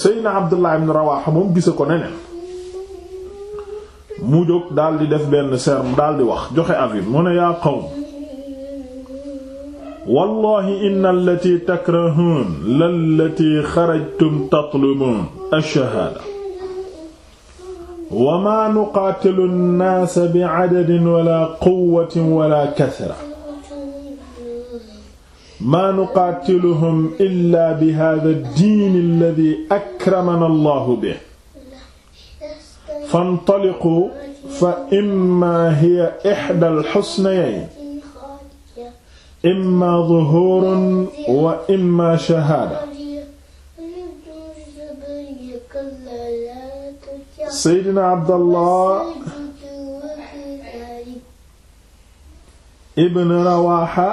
Seydina Abdullah ibn Rawaha moom gise ko neneen mu jóg daal di def benn serm daal di wax joxe avis mu ne yaa qawm wallahi inna allati takrahuun lallati xarajtum tatlubuun ash-shahaada wa maa nuqaatilu an-naasa bi'adadin wala quwwatin wala kasra maa nuqaatiluhum illaa bi haadha diin alladhi akramana allahu bihi fantaliqu fa imma hiya ihda alxusnayayn imma zuhuurun wa imma shahaada seydina abdallah ibn rawaaxa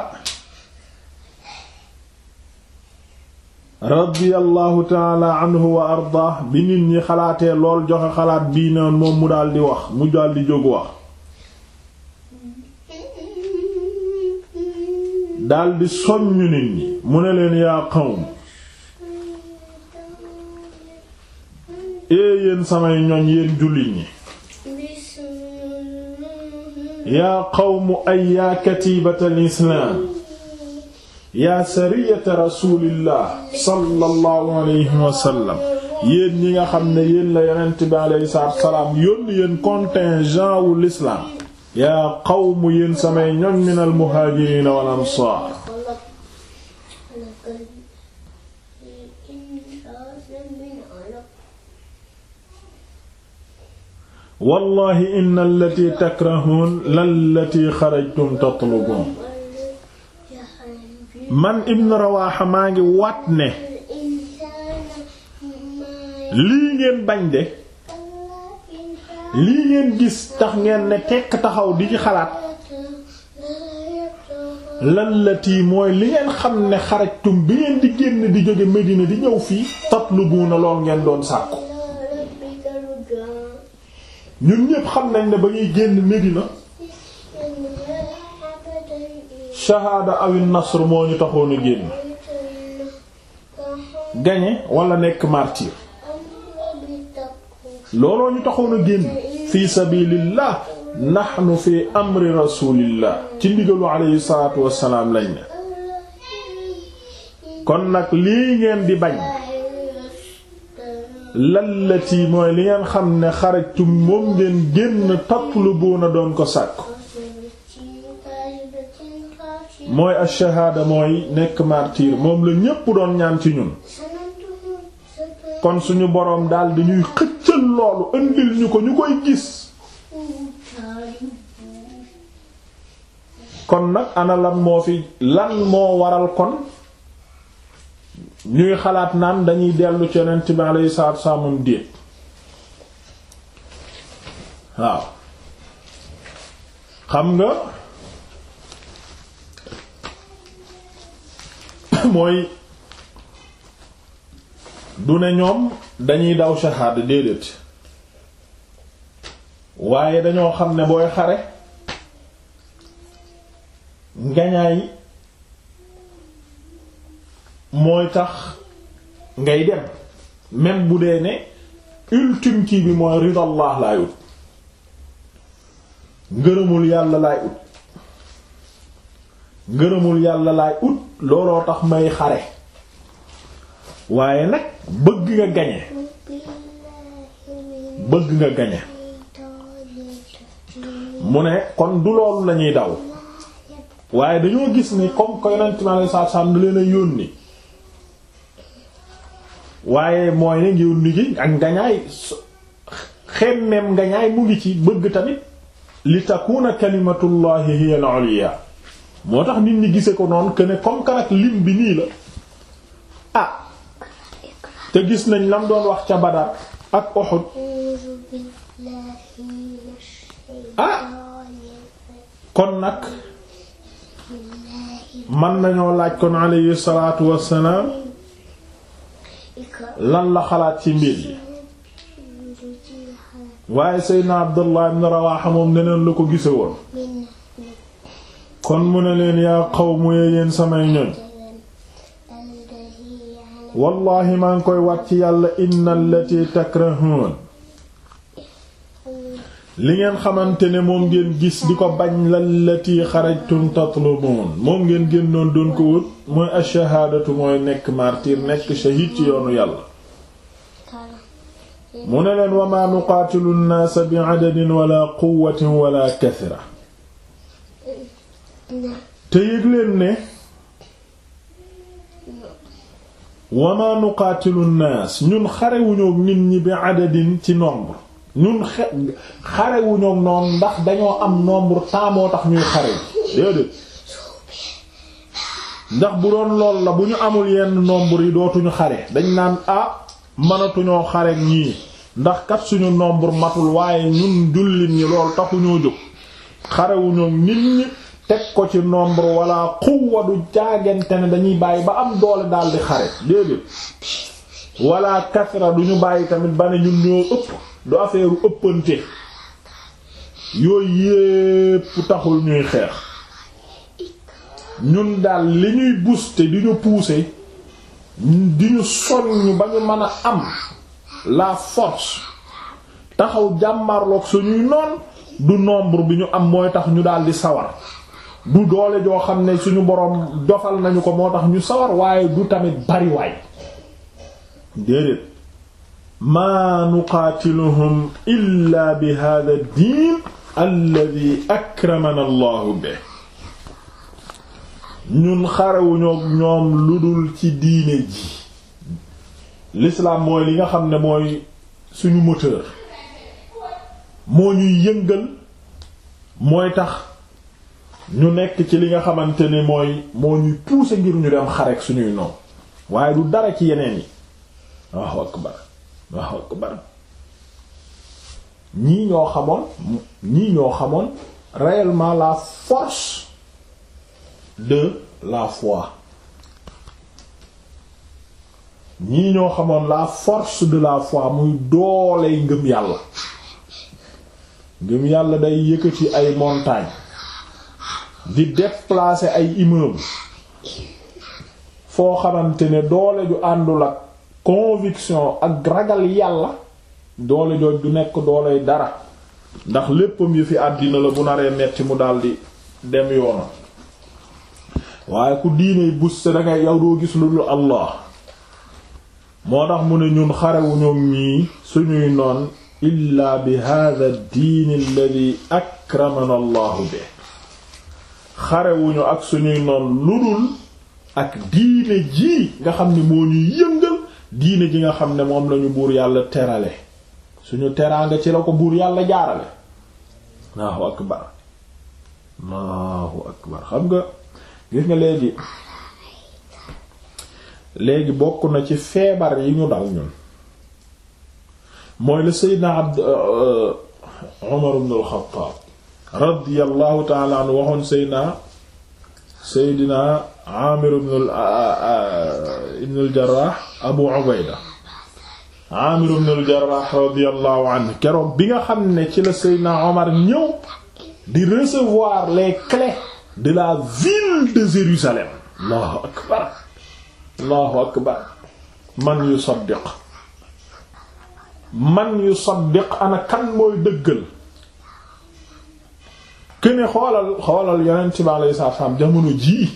radiyallahu taala anhu wa arda bi nit ñi xalaatee lool joxe xalaat bii na moom mu daldi wax mu daldi jóg wax daldi soññu nit ñi mu ne leen yaa qawm ee eh samay ñoñ yéen jullit ñi yaa qawmu ay yaa katibatal islaam yaa sariyata rasulillah sallallahu alayhi wa sallam yéen ñi nga xam ne yéen la yonent bi alayhi salaatu salaam yónni yéen contingent wu l'islam yaa qawmu yéen samay ñoñ min al muhaajiriina wal ansaar wallahi inna allati takrahuun lallati xarajtum tatlubuun man ibn Rawaha maa ngi waat ne lii ngeen bañ de lii ngeen gis tax ngeen ne tekk taxaw di ci xalaat lallati mooy li ngeen xam ne xarajtum bi ngeen di génn di jóge Medina di ñëw fii tatlubuna lool ngeen doon sàkku ñun ñépp xam nañ ne ba ñuy génn Medina shahaada awin nasr moo ñu taxoon a génn gañe wala nekk martyr looloo ñu taxoon a génn fi sabilillah nahnu fi amri rasulillah ci ndigalu alayhi salaatu wassalaam lañ ne kon nag lii ngeen di bañ lallati mooy li ngeen xam ne xarajtum moom ngeen génn tatlubuuna doon ko sàkku mooy ash-shahaada mooy nekk martyr moom la ñépp doon ñaan ci ñun kon suñu boroom daal dañuy xëccal loolu indil ñu ko ñu koy gis kon nag ana moo fi lan moo waral kon ñuy xalaat naan dañuy dellu ci yonent bi alayhi salaatu salaam déet waaw xam nga mooy du ne ñoom dañuy daw shahaada déedéet waaye dañoo xam ne booy xare ngañaay mooy tax ngay dem même bu dee ne ultime kii bi mooy ridallah laay ngërëmul yàlla laay ut ngërëmul yàlla laay ut looloo tax may xare waaye nag bëgg nga gañe bëgg nga gañe mu ne kon du loolu lañuy daw waaye dañoo gis ni comme ko yonent mi leen a yónni waaye mooy ne yónni gi ak ngañaay xemmem ngañaay mu ngi ci bëgg tamit li takuna kalimatullahi hiya al-ulya moo tax nit ñi gise ko noonu que ne comme que lim bi nii la ah te gis nañ lam doon wax ca Badar ak Uhud ah kon nag man nañoo laaj kon alayhi salaatu wassalaam lan la xalaat ci mbir yi waaye Seydina Abdullah ibn Rawaha moom neneen la ko gise woon kon mu ne leen yaa qawmu yéen samay ñoñ wallaahi maa ngi koy ci yàlla innal lati takrahun li ngeen xamante ne moom ngeen gis di ko bañ lallati xarajtum tatlubun moom ngeen génnoon doon ko wut mooy ash-shahaadatu mooy nekk martyr nekk shahid ci yoonu yàlla mu ne leen wa maa nuqaatilu nnaasa bi adadin wala quwwatin wala kathra te yëg ne wama nuqaatilu naas ñun xarewuñook nit ñi bi adadin ci nombre ñun xarewuñook noonu ndax dañoo am nombre temps moo tax ñuy xare déedéet ndax bu doon lool la bu ñu amul yenn nombre yi dootuñu xare dañ naan ah mënatuñoo xare ñii ndax kat suñu nombre matul waaye ñun jullit ñi lool taxuñoo jóg xarewuñook nit ñi teg ko ci nombre wala quwwa du jaagante ne dañuy bàyyi ba am doole daal di xare déedéet wala kasra du ñu bàyyi tamit ba ne ñun ñoo ëpp du affaire ëppante yooyu yépp taxul ñuy xeex ñun daal li ñuy booster di ñu pousser di ñu soññ ba ñu mën a am la force taxaw jàmmarloog suñuy noon du nombre bi ñu am mooy tax ñu daal di sawar du doole joo xam ne suñu boroom dofal nañu ko moo tax ñu sawar waaye du tamit bariwaay déedéet maa nuqaatiluhum illa bi hada diin allahu be ñun xarewuñoo ñoom lu dul ci diine ji l'islam mooy li nga xam ne mooy suñu moteur moo ñuy yëngal mooy tax ñu nekk ci li nga xamante ni mooy moo ñuy pousser ngir ñu dem xarek suñuy noonu waaye du dara ci yeneen yi waaw akbar waaw ñii ñoo xamoon ñii ñoo xamoon réellement la force de la foi ñii ñoo xamoon la force de la foi muy dooley ngëm yàlla ngëm yàlla day yëkkati ay montagnes di déplacer ay immeuble foo xamante ne doole ju àndul ak conviction ak ragal yàlla doole jooj du nekk dooley dara ndax léppam yu fi àddina la bu naree metti mu daldi dem yoonam waaye ku diiney buste dangay yow doo gis lu dul Allah moo tax mu ne ñun xarewuñu ñii suñuy noon illa bi hadha ad-din alladhi akramana Allahu bihi xarewuñu ak suñuy noon lu dul ak diine ji nga xam ne moo ñuy yëngal diine ji nga xam ne moom lañu buur yàlla terale suñu teraanga ci la ko buur yàlla jaarale allahu akbar allahu akbar xam nga gis nga léegi léegi bokk na ci feebar yi ñu dal ñun mooy la Seydina Abd euh, Umar ibn al-Khattab radiyallahu taala anhu waxoon seydna seydna amir ibn al jarrah abu ubayda amir ibn al jarrah radiyallahu anhu keroog bi nga xam ne ci la seydna omar ñëw di recevoir les clés de la ville de Jérusalem allahu akbar allahu akbar man yusaddiq man yusaddiq ana kan mooy dëggal que ne xoolal xoolal yonent bi alayhi salaam jamono jii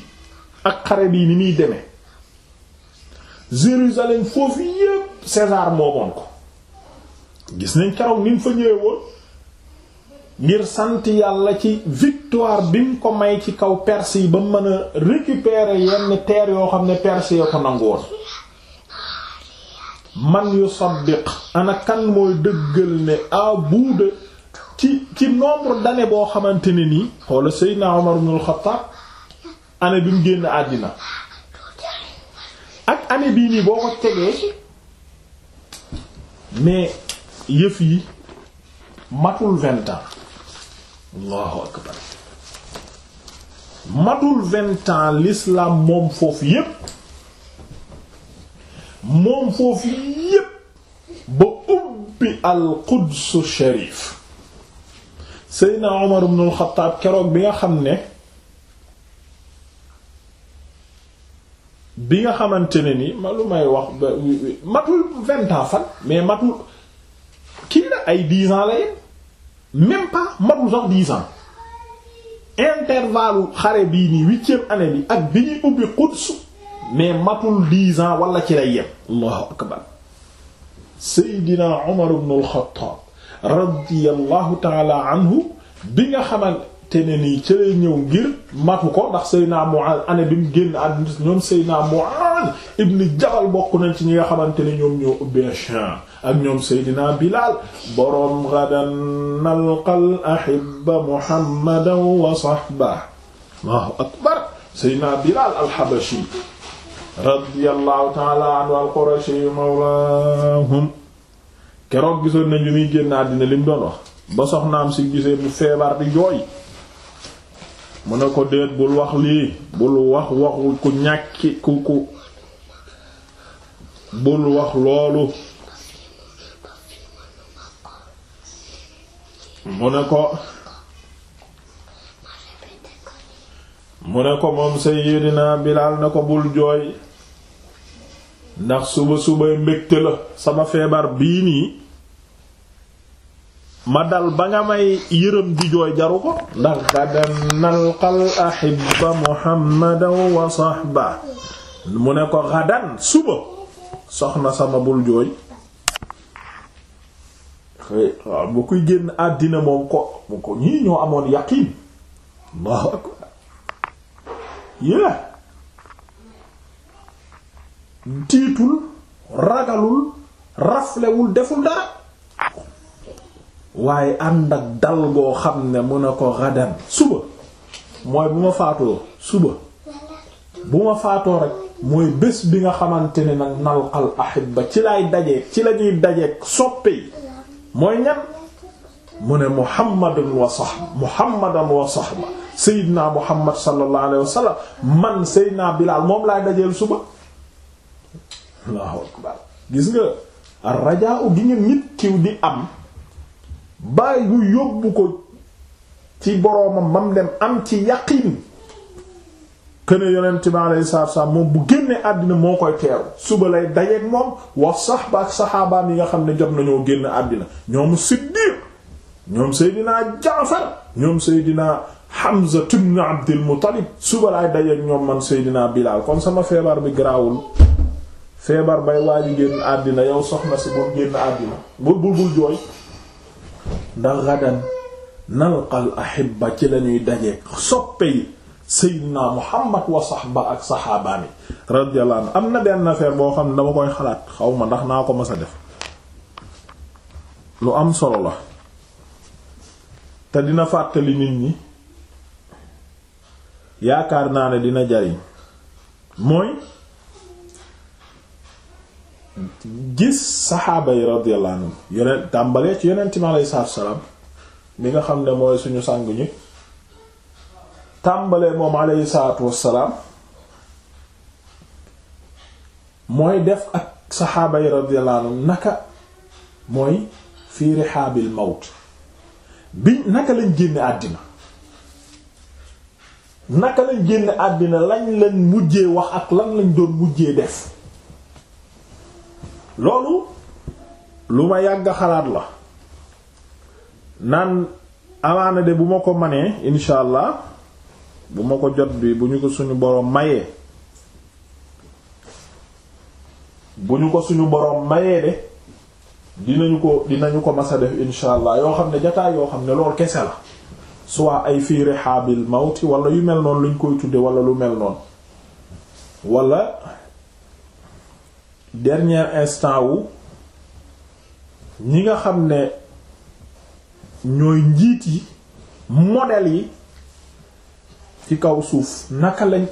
ak xare bii ni muy demee Jérusalem foofu yépp César moomoon ko gis nañ keroog ni mu fa woon ngir sant yàlla ci victoire bi mu ko may ci kaw Perse yi ba mën a récupérer yenn terre yoo xam ne Perse yoo ko nangu woon man yu saddiq ana kan mooy dëggal ne à ci ci nombre d'années boo xamante ne nii xoola Seydina Omar ibn al-Khattab bi mu génn àddina ak année bii nii boo ko tegee mais yëf yi matul vingt ans Allahu akbar matul vingt ans l'islam moom foofu yépp moom foofu yépp ba ubbi al-Quds sharif Seydina Umar ibn al-Khattab keroog bi nga xam ne bi nga xamante ne ni ma lu may wax matul vingt fan mais matul kii la ay dix la yem même pas matul sax dix ans xare bii nii huitième année bi ak bi ñuy ubbi Quds mais matul dix ans wala ci lay yem allahu akbar Seydina Umar ibn al radiyallahu taala anhu bi nga xamante ne nii ci lay ñëw ngir matu ko ndax Seydina Mu'aaz année bi mu génn àdduna ñoom Seydina Mu'aaz ibn Jabal bokk nañ ci ñi nga xamante ne ñoom ñoo ubbee Shaam ak ñoom Seydina Bilaal boroom gadan nalqal ahibba Muhammadan wa sahba Allahu akbar Seydina Bilaal al-Habashi radiyallahu taala anhu al-Qurashi mawlaahum keroog gisoon nañ bi muy génn àddina li mu doon wax ba soxnaam si gisee bu feebar di jooy mu ne ko déet bul wax lii bul wax waxu ku ñàkki ku ku bul wax loolu mu ne ko mu ne ko moom Seydina Bilaal ne ko bul jooy ndax suba subay mbégte la sama feebar bii nii ma dal ba nga may yërëm di jooy jaru ko ndax xadan nalqal ahibba muhammadan wa sahba mu ne ko xadan suba soxna sama bul jooy waaw bu kuy génn àddina moom ko mu ko ñii ñoo amoon yaqiin allahu tiitul ragalul raflewul deful dara waaye ànd ak dal goo xam ne mun ne ko xadan suba mooy bu ma faatoo suba bu ma faatoo rek mooy bés bi nga xamante ne nag nalqal ahibba ci lay dajeeg ci lañuy ñuy soppe yi mooy ñan mu ne muhammadan wa sahb muhammadan wa sahba sayyidina muhammad sallallahu alayhi wa sallam man sayyidina bilal moom laay dajeel suba allahu akbar gis nga rajaa u gi nga nit kiw di am bàyyi gu yóbbu ko ci boroomam bam dem am ci yaqin këne yonent bi alayhi salaatu wassalaam moom bu génnee àddina moo koy teeru suba lay dajeek moom wax sahba ak saxaabaan yi nga xam ne jot nañoo génne àddina ñoom Siddiq ñoom Seydina Jaafar ñoom Seydina Hamza ibn Abdul Muttalib suba lay dajeek ñoom man Seydina Bilaal kon sama feebar bi garaawul feebar bay waaji génn àddina yow soxna si bu génn àddina bul bul bul jooy ndax gadan nalqal ahibba ci lañuy dajeeg soppe yi seydina muhammad wa sahba ak saxaabaami radiyallahu am na benn affaire boo xam ne dama koy xalaat xaw ma ndax naa ko mës a def lu am solo la te dina fàttali nit ñi yaakaar naa ne dina jariñ mooy gis saxaaba yi radiyallahu anhum tàmbalee ci yonent mi alayhi salaatu wa salaam mi nga xam ne mooy suñu sàng ñi tàmbalee moom alayhi salaatu wa salaam mooy def ak saxaaba yi radiyallahu naka mooy fii rihaabil mawt bi naka lañ génne àddina naka lañ génne àddina lañ lañ mujjee wax ak lan lañ doon mujjee def loolu lu ma yàgg xalaat la naan amaana de bu ma ko manee insha allah bu ma ko jot bi bu ñu ko suñu boroom mayee bu ñu ko suñu boroom mayee de dinañu ko dinañu ko masa def insha allah yoo xam ne jataay yoo xam ne loolu kese la soit ay fii rihaabil mawti wala yu mel noon lu luñ koy tudde wala lu mel noonu wala dernier instant wu ñi nga xam ne ñooy njiit yi modèle yi ci kaw suuf naka lañ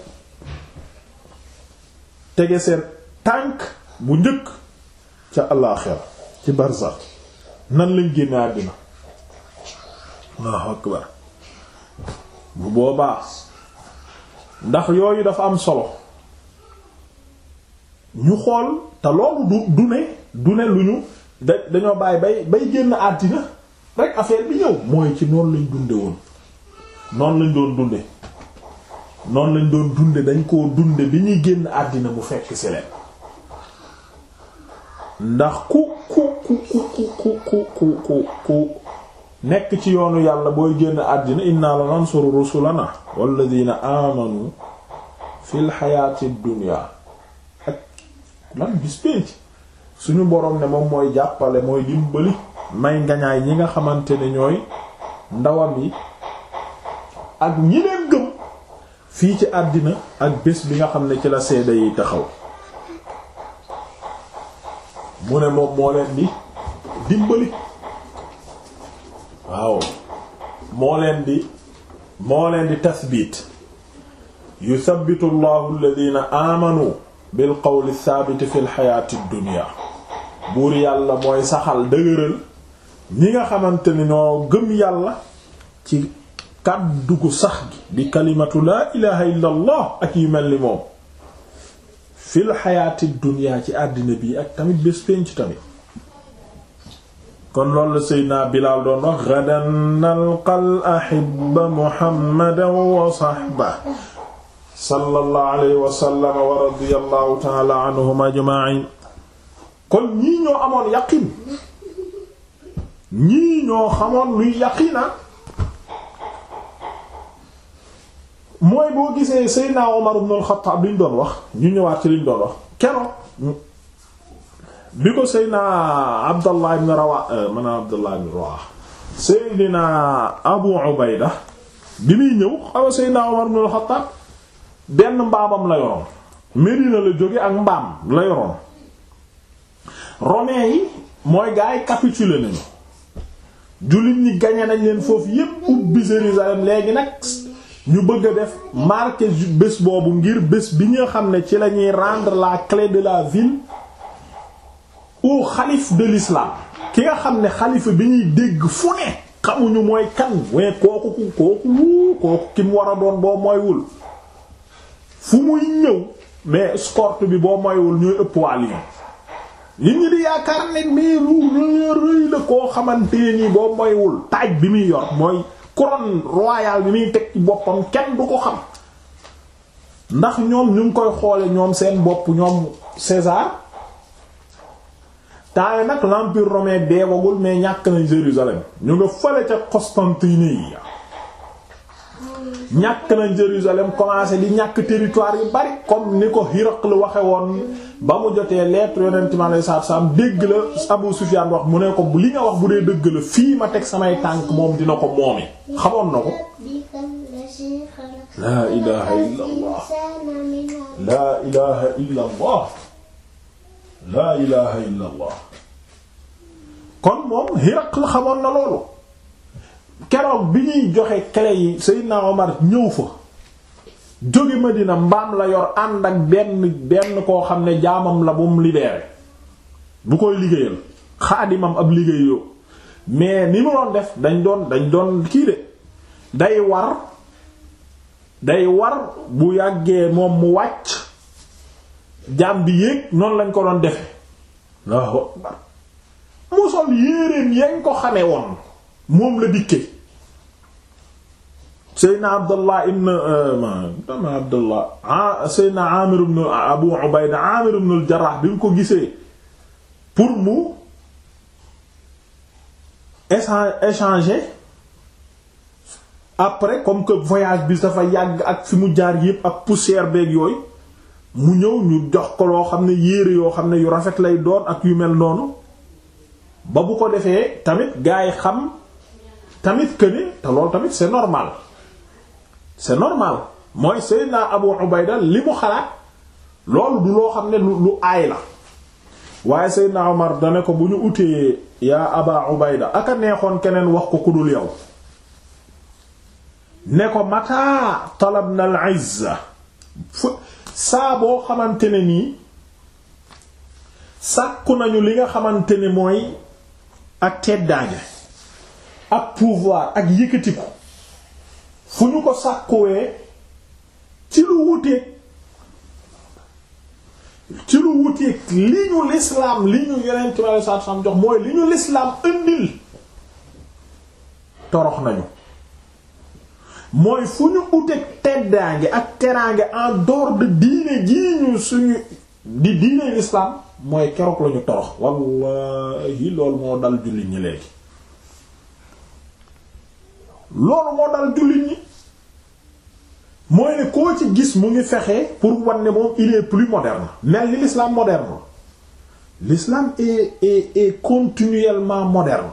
tege seen tànk bu njëkk ca àllaaxira ci barzax nan lañ génne àddina Allahu akbar bu boobaa ndax yooyu dafa am solo ñu xool te loolu du du ne du da dañoo bàyyi bay bay génn àddina rek affaire bi ñëw mooy ci noonu lañ dunde woon noonu lañ doon dunde noonu lañ doon dunde dañ koo dunde bi ñuy génn àddina mu fekk si leen ndax ku ku ku ku ku ku ku ku ku nekk ci yoonu yàlla booy génn àddina inna la nansuru rusulana walladina amanu fil hayatid dunya lan bis pénc suñu borom ne moom mooy jàppale mooy dimbali may ngañaay yi nga xamante ne ñooy ndawam yi ak ñi leen gëm fii ci àddina ak bés bi nga xam ne ci la seede yi taxaw mu ne moom moo leen di dimbali waaw moo leen di moo leen di tasbiit yuthabbitu allahu alladhina amanu bil qawli thabiti fil xayaati dunya buur yàlla mooy saxal dëgëral ñi nga xamante ni ñoo gëm yàlla ci kàddu gu sax gi di kalimatu laa ilaha illa ak yi mel ni moom fil xayaati dunya ci àddina bi ak tamit bés penc tamit kon loolu la Bilaal doon wax gadan nalqal ahibba muhammadan wa sahba sallallahu alayhi wa sallam wa radiyallahu ta'ala anhum ajma'in kon ñii ñoo amoon yaqin ñii ñoo xamoon luy yaqina ah. mooy boo gisee Seydina Omar ibn al-Khattab liñ doon wax ñu ñëwaat ci liñ doon wax keroog bi ko Seydina Abdallah ibn Rawah euh, man Abu Ubayda bi muy ñëw xaw Seydina Omar ibn al-Khattab benn mbaamam la yoroon Medina la jóge ak mbaam la yoroon romains yi mooy gars yi nañu jullit ñi gañe nañ leen foofu yépp ubbi Jérusalem léegi nag ñu bëgg a def marqué bés boobu ngir bés bi nga xam ne ci lañuy rendre la cle de la ville au xalif de l'islam ki nga xam ne xalifa bi ñuy dégg fu ne xamuñu mooy kan waaye kooku kooku kooku kim war a doon boo mooywul fu muy ñëw mais escorte bi boo moywul ñooy ëpp waa nit ñi di yaakaar ne mais lu rëy la koo xamante ni boo moywul taaj bi muy yor mooy couronne royale bi muy teg ci boppam kenn du ko xam ndax ñoom ñu ngi koy xoole ñoom seen bopp ñoom César taale nag l'empire romain deewagul mais ñàkk na Jérusalem ñu nga fële ca Constantinople ñàkk na Jérusalem commencé di ñàkk territoire yu bari comme ni ko Hiraql waxe woon ba mu jotee lettre yonent mi alayhi salaatu salaam dégg la Abu Sufyaan wax mu ne ko li nga wax bu dee dëgg la fii ma teg samay tànk moom dina ko moome xamoon na ko laa ilaha illa laa ilaha kon moom Hiraql xamoon na loolu keroog bi ñuy joxe clé yi Seydina Omar ñëw fa jóge Madina mbaam la yor ànd ak benn benn koo xam ne jaamam la bu mu libéré bu koy liggéeyal xaadimam ab liggéeyoo mais ni mu doon def dañ doon dañ doon kii de day war day war bu yàggee moom mu wàcc jaam bi yéeg noonu lañ ko doon defe waaw mu yañ ko xame woon moom la dikkee seydna abdullah ibn euh, dama abdullah ah, abu ubayda amir ibn al bi mu ko gisee pour mu échanger après comme que voyage bi dafa yàgg ak fi mu jaar yépp ak poussière beeg yooyu mu ñëw ñu jox ko loo xam ne yére yoo xam ne yu rafet lay doon ak yu mel noonu ba bu ko defee tamit gaa xam tamit que ni te loolu tamit c'est normal c'est normal mooy Seydina Abu Ubayda li mu xalaat loolu du loo xam ne lu aay la waaye Seydina Omar dane ko bu ñu utee yaa Aba Ubayda aka neexoon keneen wax ko ku dul yow ne ko mata talabna al izza saa boo xamante ne nii sàkku nañu li nga xamante ne mooy ak teddaange ak pouvoir ak yëkkatiku fu ñu ko sàkkowee ci lu wuteeg ci lu wuteeg li ñu lislaam li ñu yeneen ci wàllu saa jox mooy li ñu lislaam indil torox nañu mooy fu ñu uteeg teddaange ak teraange en dehors diine jii ñu suñu di diine lislaam mooy keroog lañu torox wallahi loolu moo dal jullit ñi léegi loolu moo dal jullit ñi mooy ne koo ci gis mu ngi fexe pour wan ne moom il est plus moderne mel ni l'islam moderne l'islam est est est continuellement moderne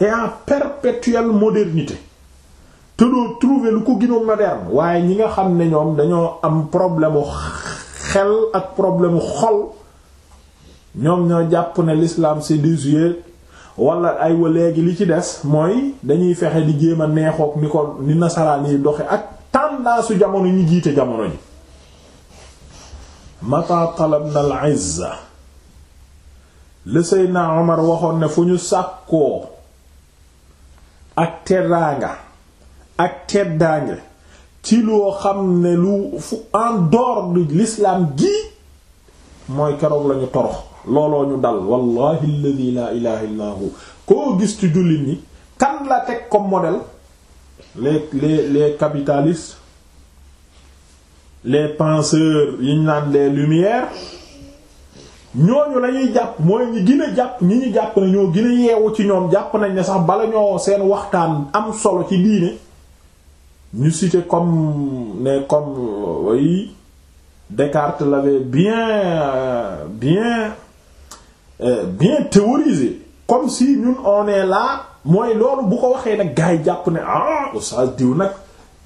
et en perpétuelle modernité te trouver lu ko gënoon moderne waaye ñi nga xam ne ñoom dañoo am problème xel ak problème xol ñoom ñoo jàpp ne l'islam c'est désuet wala ay léegi li ci des mooy dañuy fexe di jéem a neexook ni ko ni nasaraan yi doxe ak tendance jamono ñi jiite jamono ji mata talabna al izza le waxoon ne fu ñu sàkkoo ak teddaanga ak teddaange ci loo xam ne lu fu en dehors de gi mooy keroog lañu torox looloo ñu dal wallahi alladhi la ilaha illa hu koo gis ci jullit ñi kan la teg comme modèle les les les capitalistes les penseurs yi ñu naan les lumières ñooñu la ñuy jàpp mooy ñi gën jàpp ñi ñu jàpp ne ñoo gën ci ñoom jàpp nañ ne sax bala ñoo seen waxtaan am solo ci diine ñu cité comme ne comme euh, Descartes l'avait bien euh, bien Euh, bien théorisé comme si ñun on est mooy loolu bu ko waxee nag gars yi jàpp ne ah oustaz diw nag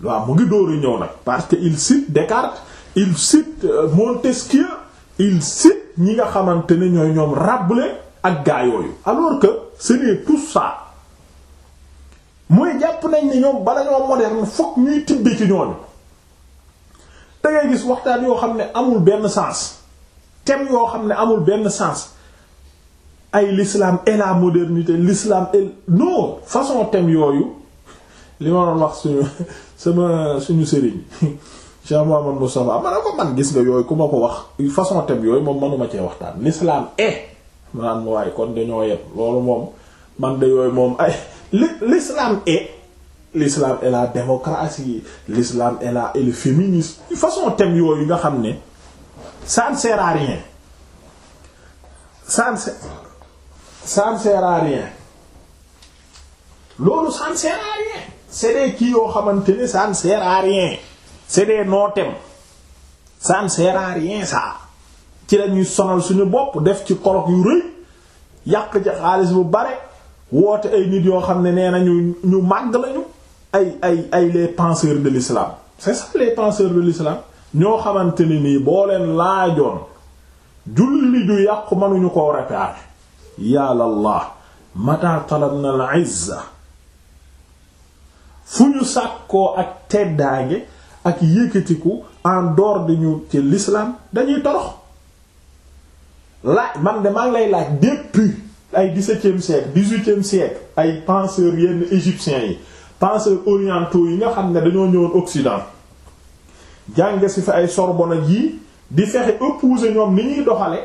waaw mu ngi dóoru ñëw nag parce que il cite Descartes il cite euh, Montesquieu il cite ñi nga xamante ne ñooy ñoom Rabelais ak gaa yooyu alors que ce n'est tout ça mooy jàpp nañ ne ñoom bala ñoo moderne fokk ñuy tibbi ci ñooñu da ngay gis waxtaan yoo xam ne amul benn sens thème yoo xam ne amul benn sens ay lislaam et la modernité l'islam et non façon thème yooyu li ma doon wax suñu sama suñu sëriñ Cheikh Mouhamed Moustapha ma ne ko man gis nga yooyu ku ma ko wax façon thème yooyu moom manuma cee waxtaan l'islam et maanaam waaye kon dañoo yem loolu moom man de yooyu moom ay l'islam et l'islam et la démocratie l'islam et la et le féminisme façon thème yooyu nga xam ne ça ne sert à ça ne loolu ça ne sert à yoo xamante ne ça ne sert à rien c'est ci lañuy sonal suñu bopp def ci colloque yu rëy yàq ci xaalis bu bare woote ay nit yoo xam ne nee nañu ñu màgg lañu ay ay ay les penseurs de l'islam c'est ça les penseurs de l'islam ñoo xamante ne nii boo leen laajoon julli ju yàqu mënuñu koo réparer yàllallah mata talabna al izza fu ñu sàkkoo ak teddaange ak yëkkatiku en dehors de ñu ci l'islam dañuy torox laaj man de maa lay laaj depuis ay dix-septième siècle dix ay penseurs yenn égyptiens yi penseurs orientaux yi nga xam ne dañoo ñëwoon Occident jànge ci fa ay Sorbonne yi di fexe opposer ñoom ni ñuy doxale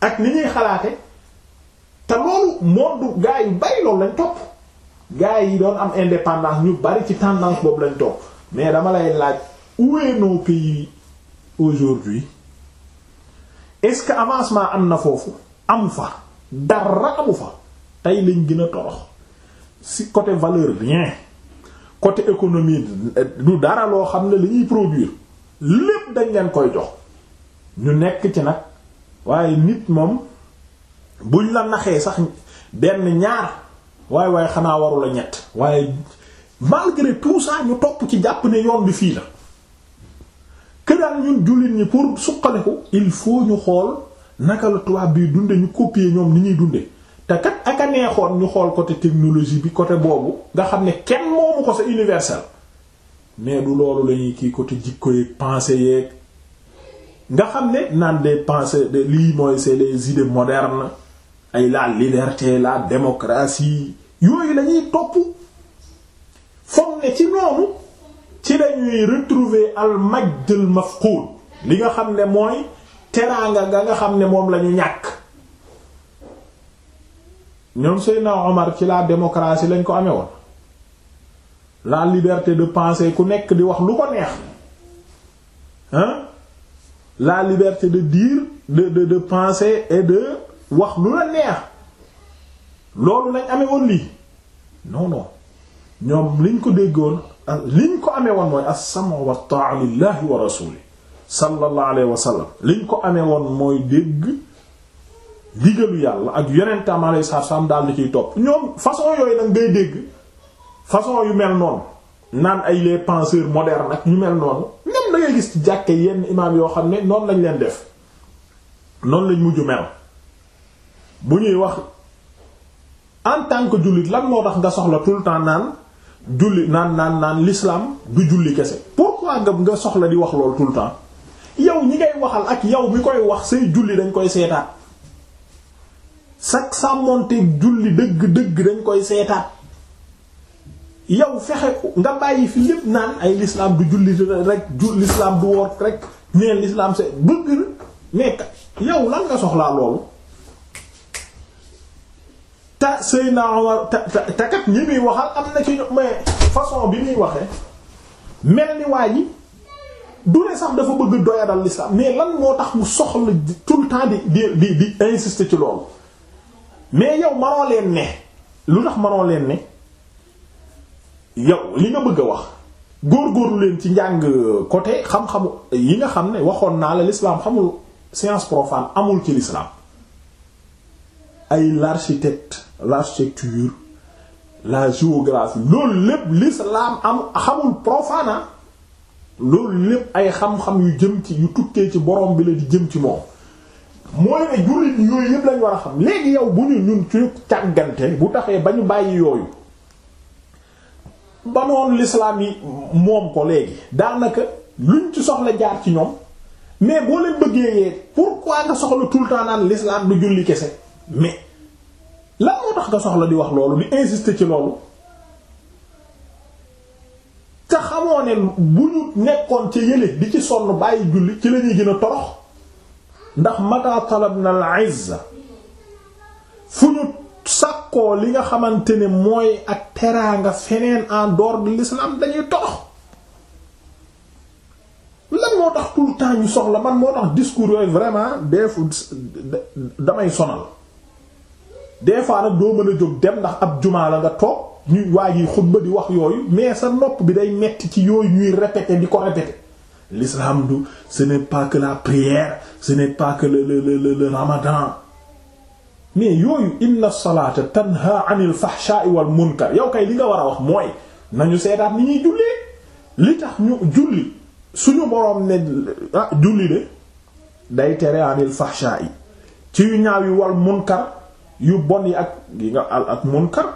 ak ni ñuy xalaate te loolu monde gaa yu bari loolu lañ topp gaa yi doon am indépendance ñu bari ci tendance boobu lañ topp mais dama lay laaj où est nos pays aujourd'hui est-ce que avancement am na foofu am fa dara amu fa tey lañ gën a torox si côté valeur rien côté économie du dara loo xam ne li ñuy produire lépp dañ leen koy jox ñu nekk ci nag waaye nit moom buñ la naxee sax benn ñaar waaye waaye xanaa waru la ñett waaye malgré tout sax ñu topp ci jàpp ne yoon bi fii la que daal ñun jullit ñi pour suqaliku il faut ñu xool naka la tubaab bi dunde ñu copier ñoom ni ñuy dunde te kat ak a neexoon ñu xool côté technologie bi côté boobu nga xam ne kenn moomu ko sa universel mais du loolu la ñuy kii côté jikko yeeg pensée yeeg nga xam ne naan des pensées de lii mooy c'est les idées modernes ay la liberté la démocratie yooyu lañuy topp foog ne ci noonu ci lañuy retrouver al majd al mafqud li nga xam ne mooy teraanga nga nga xam ne moom lañu ñàkk ñoom Seydina Omar ci la démocratie lañ ko amee woon la liberté de penser ku nekk di wax lu ko neex la liberté de dire de de de penser et de wax lu la neex loolu lañ amee woon lii non ñoom liñ ko déggoon liñ ko amee woon mooy as-sam'u wa ta'a lillahi wa rasulihi sallallahu alayhi wa sallam liñ ko amee woon mooy dégg digalu yàlla ak yonentam alayhi salaam daal di ciy topp ñoom façon yooyu nag ngay dégg façon yu mel noonu naan ay les penseurs modernes ak ñu mel noonu même da ngay gis ci jàkke yenn imaam yoo xam ne noonu lañ leen def noonu lañ mujj mel. bu ñuy wax en tant que jullit lan moo tax nga soxla tout le naan julli naan naan naan lislaam du julli kese pourquoi nga nga soxla di wax loolu tout le yow ñi ngay waxal ak yow mi koy wax say julli dañ koy seetaat sax sàmmonteeg julli dëgg-dëgg dañ koy seetaat yow fexe nga bàyyi fi lépp naan ay l'islam du julli rek ju l'islam du woor rek neen lislaam c'est bëgg na mais lan nga soxlaa loolu ta Seydina Omar ta ta kat ñi muy waxal am na ci ñu mais façon bi muy waxee mel ni waa ji du ne sax dafa bëgg doyadal l'islam mais lan moo tax mu soxla tout le temps di di di insister ci loolu mais yow manoo leen ne lu tax manoo leen ne yow li nga bëgg a wax góorgóorlu leen ci njàng côté xam-xamu yi nga xam ne waxoon naa la lislaam xamul science profane amul ci l'islam ay l'architecte l'architecture la géographie loolu lépp l'islam am xamul profana loolu lépp ay xam-xam yu jëm ci yu tukkee ci borom bi la di jëm ci moom mooy ne jullit ñi yooyu yëpp lañ war a xam léegi yow bu ñu ñun ci càggante bu taxee ba ñu bàyyi yooyu ba noonu l'islam yi moom ko léegi daanaka luñ ci soxla jaar ci ñoom mais boo leen bëggee yee pourquoi nga soxla tout le temps naan l'islam du julli kese mais tax nga soxla di wax loolu di insister ci loolu te xamoo ne bu ñu nekkoon ca yële di ci sonn bàyyi julli ci lañuy gën a torox ndax mata talabna al izza fu ñu sàkkoo li nga xamante ne mooy ak teraanga feneen en dehors de l'islam dañuy torox lan moo tax tout le temps ñu soxla man moo tax discours yooyu vraiment des damay sonal des fois nag doo mën a jóg dem ndax ab jumaa la nga toog ñuy waa ji xutba di wax yooyu mais sa nopp bi day metti ci yooyu ñuy répéter di ko répéter l'islam du ce n'est pas que la prière ce n'est pas que le ramadan mais yooyu inna salata tanha anil fahsha'i wal munkar yow kay li nga war a wax mooy nañu seetaat ni ñuy jullee li tax ñu julli suñu boroom ne ah, julli de day tere anil fahsha'i ci yu ñaaw yi wal munkar yu bon yi ak yi nga al ak munkar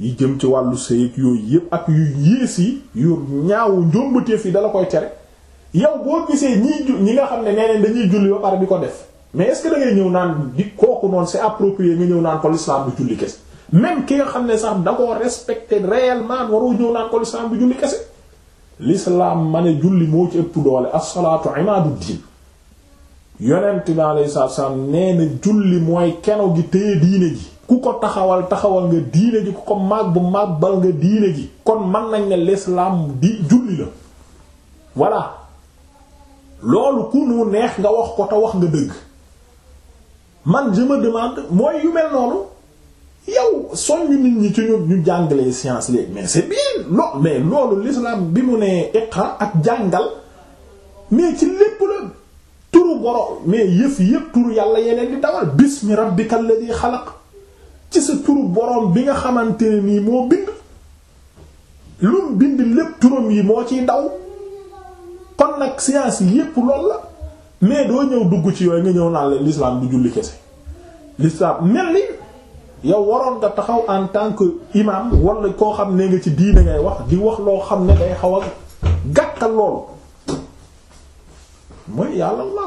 yi jëm ci wàllu sëy yooyu yépp ak yu yées yi yu ñaawu njombateef yi dala koy tere yow boo gisee ñiy ñi nga xam ne nee dañuy julli ba pare di ko def mais est-ce ñëw naan di kooku noonu si appropier nga ñëw naan ko l'islam bu julli kese même ki nga xam ne sax da koo respecté réellement waroo ñëw naan ko l'islam bu julli kese l'islam ma ne julli moo ci ëpp doole as-salaatu imaadu diin yonent bi alayhi salaam nee na julli mooy keno gi téye diine ji ku ko taxawal taxawal nga diine ji ku ko màgg bu màgbal nga diine ji kon man nañ ne l'islam di julli la voilà loolu ku nu neex nga wax ko te wax nga dëgg man je me demande mooy yu mel noonu yow soññu nit ñi ci ñu ñu jàngalee science léegi mais c'est bien non loolu l'islam bi mu ne iqra ak jàngal mais ci lépp la. turu boro mais yëf yëpp turu yàlla yeneen di dawal bismi rabbikal ladhi xalak ci sa turu boroom bi nga xamante ne nii moo bind lum bind lépp turam yi moo ciy daw kon nag science yëpp lool la mais doo ñëw dugg ci yooyu nga ñëw naa la l'islam du julli kese l'islam mel yow waroon nga taxaw en tant que imam wala koo xam ne nga ci diine ngay wax di wax loo xam ne day xaw a gàttal loolu mooy yàlla la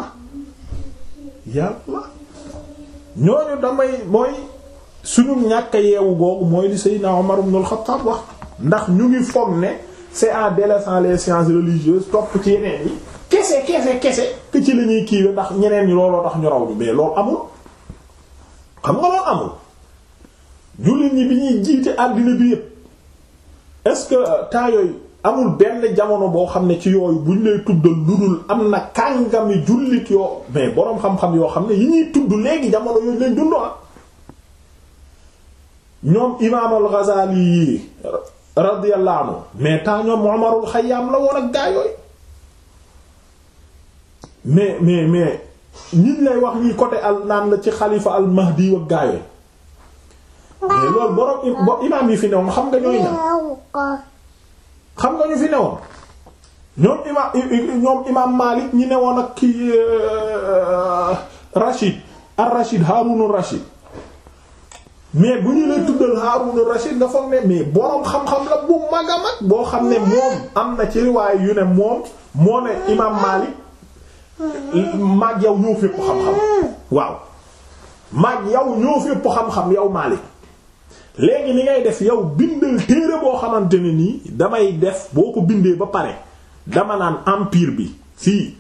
yàlla ñooñu damay mooy suñu ñàkk yeewu googu mooy li Seydina Omar ibn al-Khattab wax ndax ñu ngi foog ne c'est en délaissant les sciences religieuses topp ci yeneen yi kese kese kese que ci la ñuy kiiwe ndax ñeneen ñi looloo tax ñu raw ñu mais loolu amul xam nga loolu amul jullit ñi bi ñuy jiite àddina bi yépp est-ce que temps yooyu amul benn jamono boo xam ne ci yooyu buñ lay tuddal ludul am na kàngami jullit yoo mais boroom xam-xam yoo xam ne yi ñuy tudd léegi jamono yooyu lañ dund ah ñoom imaam al yi radiyallahu mais temps ñoom Umarul la woon ak gaa mais mais mais ñiñ lay wax nii côté al naan la ci xalifa al mahdi ak gaa mais loolu boroom imaam yi fi ne woon xam nga ñooy ñam xam nga ñu fi newoon ñoom ñoom imaam Maalik ñi newoon ak kii euh, euh, Rachid ar Rachid Haarunu Rachid mais bu ñu ne tuddal Haarunu Rachid nga foog ne mais boroom xam-xam la bu mag a mag boo xam ne moom am na ci riwaay yu ne moom moo ne imaam Maalik mag yow ñoo fépp xam-xam waaw mag yow ñoo fépp xam-xam yow Maalik léegi li ngay def yow bindal téere boo xamante ne nii damay def boo ko bindee ba pare dama naan empire bi si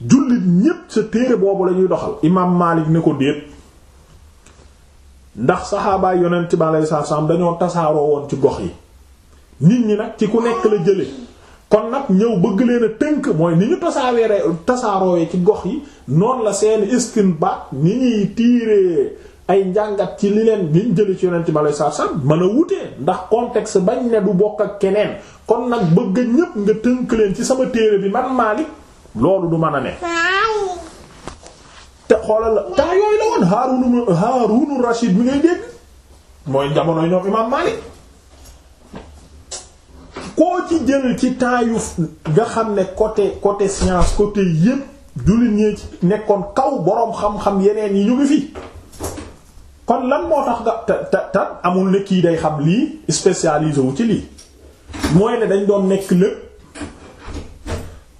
jullit ñépp sa téere boobu lañuy ñuy doxal imaam Maalik ne ko déet ndax saxaabaay yonent bi alayhi salaam dañoo tasaaroo woon ci gox yi nit ñi nag ci ku nekk la jële kon nag ñëw bëgg leen a tënk mooy ni ñu tasaaweere tasaaroo ci gox yi noonu la seen istinbaat ni ñuy tiiree ay njàngat ci li leen liñ jële ci yonent bi alei satu mën a wutee ndax contexte bañ ne du bokk ak keneen kon nag bëgg ñépp nga tënk leen ci sama téere bi man Maalik loolu du mën a ne te xoolal la temps la woon Haarunu Haarunu Rashid mi ngay dégg mooy jamonoy ñoom Imaam Maalik koo ci jël ci temps yu nga xam ne côté côté science côté yépp jullit ci nekkoon kaw boroom xam-xam yeneen yi ñu ngi fi kon lan moo tax nga te te amul ne kii day xam lii spécialisé wu ci lii mooy ne dañ doon nekk lépp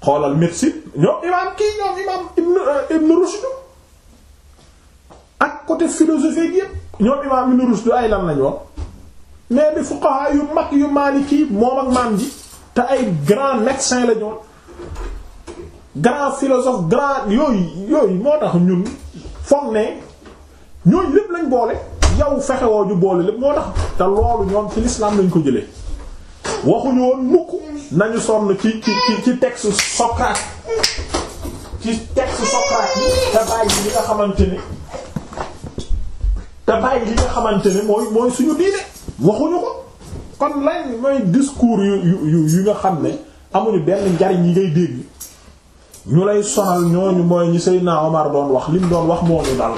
xoolal médecine ñoom imaam kii ñoom imaam Ibn euh, Ibn côté philosophie gi yëpp ñoom imaam Ibn Rushd ay lan lañ mais di fuqaha yu mag yu Maliki moom ak maam ji te ay grand médecin la ñoon grand philosophe grand yooyu yooyu moo tax ñun foog ne. ñooñu lépp lañ boole yow fexewoo ñu boole lépp moo tax te loolu ñoom ci l'islam lañ ko jëlee waxuñu woon mukk nañu sonn ci ci ci texte Socrate ci texte Socrate yi te bàyyi li nga xamante ni te bàyyi li nga xamante ni mooy mooy suñu diine waxuñu ko kon lañ mooy discours yu yu yu nga xam ne amuñu benn njariñ yi ngay dégg ñu lay sonal ñooñu mooy ñi Seydina Omar doon wax lim doon wax moo ñu dal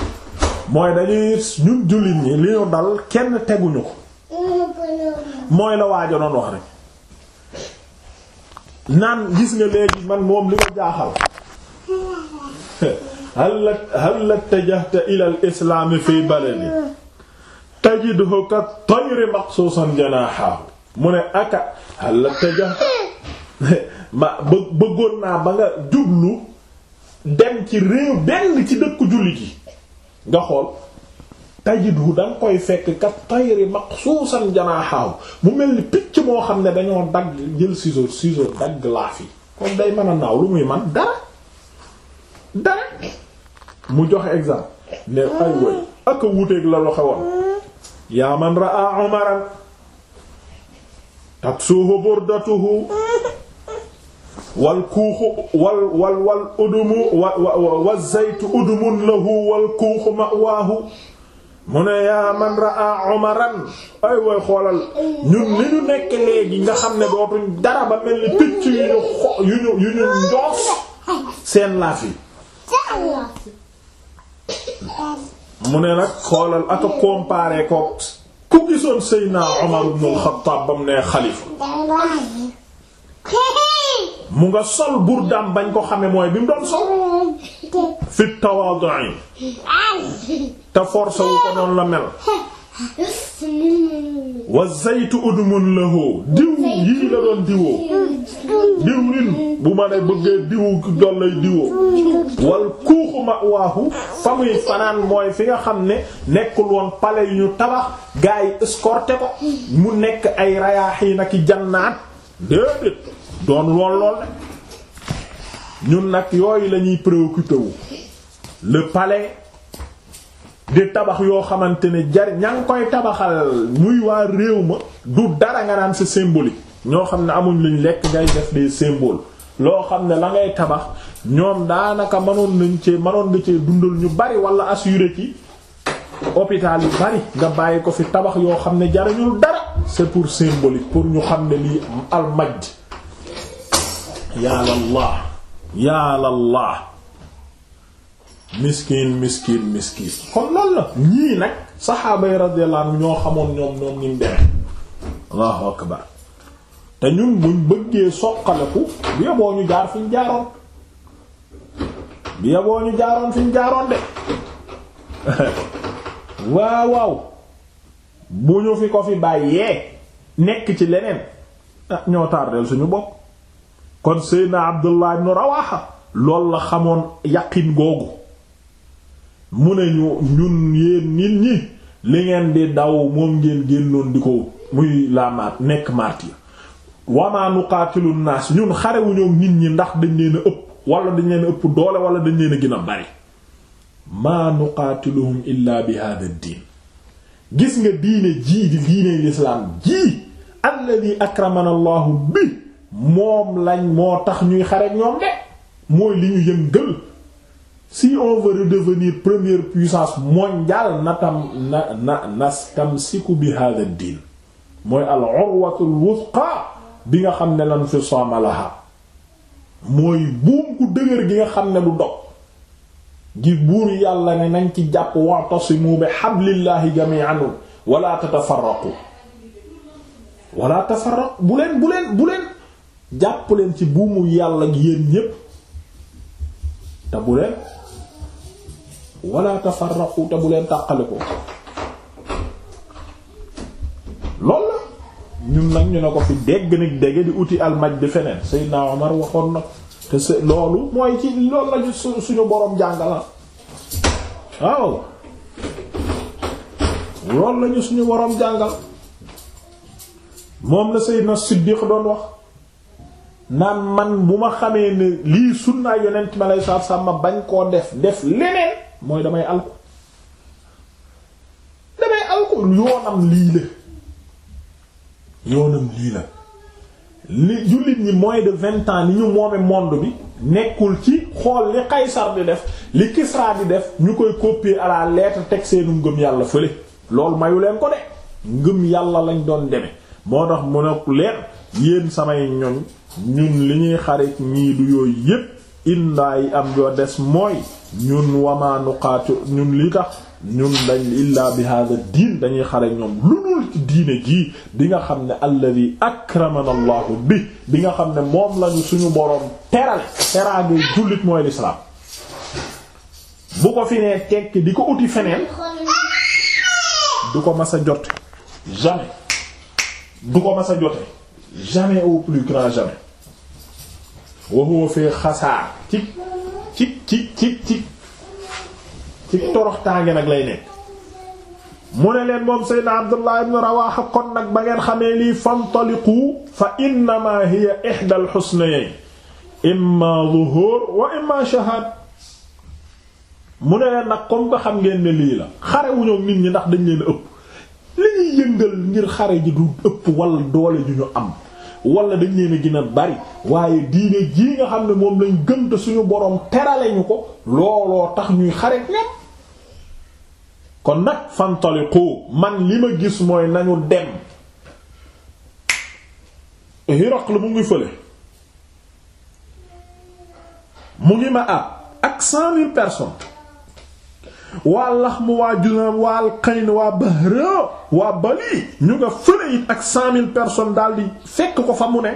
mooy dañuy ñun jullit ñi li ñu dal kenn teguñu ko mooy la waajo noonu wax rek naan gis nga léegi man moom li ma jaaxal hal hal tajahta ila al islam fi baladi tajidhu ka tayri maqsusan janaha mu ne aka hal tajahta ma bëggoon naa ba nga jublu dem ci réew benn ci dëkku jullit yi nga xool tajidhu da nga koy fekk kat tayri maqsuusan janaaxaaw mu mel ni picc moo xam ne dañoo dagg jël ciseau ciseau dagg laaf yi kon day mën a naaw lu muy man dara dara mu joxe exemple ne ay woy ak a wuteeg la loxe woon yaa man ra'a umaran taksuhu burdatuhu wal kuuxu wal wal wal udumu wa zaytu udumun lahu wal kuuxu mawaahu mu ne yaa man raa ay way xoolal ñun li ñu nekk léegi nga xam ne dootuñ dara ba mel ni picc yu ñu xo yu ñu yu seen laaf mu ne nag xoolal aka comparé ko ku gisoon Seydina Omar ibn al-Khattab ba mu ne xalifa mu nga sol burdaam bañ ko xame mooy bi mu doon sol fit tawaadu te force wu ko doon la mel wa zaytu udmun lahu diw yii la doon diwoo diw nin bu ma ne bëggee diwu doon lay diwoo wal kuuxu ma waaxu fa muy fanaan mooy fi nga xam ne nekkul woon pale yu ñu tabax gaa yi ko mu nekk ay rayaax yi nag jannaat déedéet doon lool lool ñun nag yooyu lañuy ñuy préoccupé wu le palais di tabax yoo xamante ne jar ña ngi koy tabaxal muy waa réew ma du dara nga naan sa symbolique ñoo xam ne amuñ luñ lekk ngay def des symboles loo xam ne la tabax ñoom daanaka mënoon nañ cee mënoon nga cee dundal ñu bari wala assuré ci hôpital yu bari nga bàyyi ko fi tabax yoo xam ne jariñul dara c'est pour symbolique pour ñu xam ne lii al yaalallah yaalallah miskin miskin miskin kon loolu la ñii nag saxaaba yi radiyallahu anhu ñoo xamoon ñoom ñoom ni te ñun buñ bëggee soqaleku bi yeboo ñu jaar fi ñu jaaroon bi yeboo ñu jaaroon fi ñu jaaroon de waaw waaw bu ñu fi ko fi bàyyee nekk ci leneen ah ñoo tardeel suñu bopp kon seydna abdullah ibn rawaha loolu la xamoon yaqin googu mu ne ñu ñun yéen nit ñi li ngeen di daw moom ngeen génnoon di ko muy la ma nekk martyr wama nuqaatilu naas ñun xarewuñoo nit ñi ndax dañ leen a ëpp wala dañ leen a ëpp doole wala dañ leen a gën a bari maa nuqaatiluhum illa bi hada diin gis nga diine jii di diine lislaam jii alladi akramana allahu bi moom lañ moo tax ñuy xareek ñoom de mooy li ñu yëngal si on veut redevenir première puissance mondiale natam na na nastamsiku bi hadha din mooy al urwatul wuthqa bi nga xam ne lan fi samalaha mooy buum ku dëgër gi nga xam ne du dog gi buur yàlla ne nañ ci jàpp wa'tasimu bi hablillahi jami'an wala tatafarraqu wala tafarraqu bu leen bu leen bu leen jàpp leen ci buumu yàlla gi yéen ñépp te bu leen wala tafarraqu te bu leen tàqale ko lool la ñun nag ñu ne ko fi dégg nag dégg di uti almaj di feneen Seydina Omar waxoon na te se loolu mooy ci loolu lañu suñu boroom jàngala ah. waaw loolu lañu suñu boroom jàngal moom la Seydina Siddiq doon wax naan man bu ma xamee ne lii sunnaa yonent ma lay saaf saaf bañ koo def def leneen mooy damay alku damay alku yoonam lii la yoonam lii la li jullit ñi moins de vingt ans ni ñu moome monde bi nekkul ci xool li Qaysar di def li Kisra di def ñu koy copier à la teg seenu ngëm yàlla fële loolu mayu leen ko de ngëm yàlla lañ doon deme moo tax mu ne yéen samay ñoñ ñun li ñuy xarit ñii du yooyu yépp indaa yi am yoo des mooy ñun wama nuqaatu ñun li tax ñun dañ illaa bi hada diin dañuy xare ñoom lu dul ci diine jii di nga xam ne alladi akramana bi bi nga xam ne moom lañu suñu boroom teral teraagay jullit mooy lislaam bu ko fi nee tekki di ko uti feneen du ko mas a jot jamais du ko mas a jote jamais au plus grand jamais wa huwa fi xasaar ci ci ci ci ci ci toroxtaange nag lay nekk mu ne leen moom Seydina Abdullah ibn Rawaha kon nag ba ngeen xamee lii fantaliqu fa innama hiya ihda al-husnayn imma dhuhur wa imma shahad mu ne leen nag comme nga xam ngeen ne lii la xare wu ñoom nit ñi ndax dañ leen ëpp li ñuy yëngal ngir xare ji du ëpp wala doole ju ñu am wala dañ leen a gën bari waaye diine jii nga xam ne moom lañ gënt suñu borom terale ko looloo tax ñuy xare ñépp kon nag fantaliqu man li ma gis mooy nañu dem Hiraql mu ngi fële mu ngi ma ab ak cent mille personnes waa Laxmu waa Juzaam waa Alqayn waa Bahra waa Bali ñu nga fële it ak cent mille personnes daal di fekk ko fa mu ne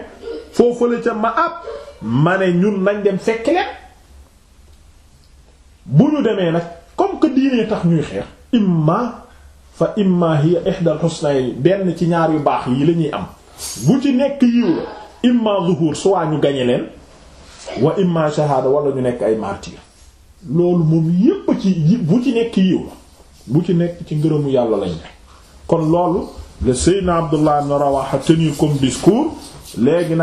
foo fële ca ma ab ma ne ñun nañ dem fekk leen bu ñu demee nag comme que diinee tax ñuy xeex imma fa imma hiya ihda al benn ci ñaar yu baax yi lañuy am bu ci nekk yiw la imma zuhur soit ñu gañe leen wa imma shahada wala ñu nekk ay martyr loolu moom yépp ci bu ci nekk yiw bu ci nekk ci ngërëmu yàlla lañ ne kon loolu le Seydina Abdullah ibn Rawaha tenir comme discours léegi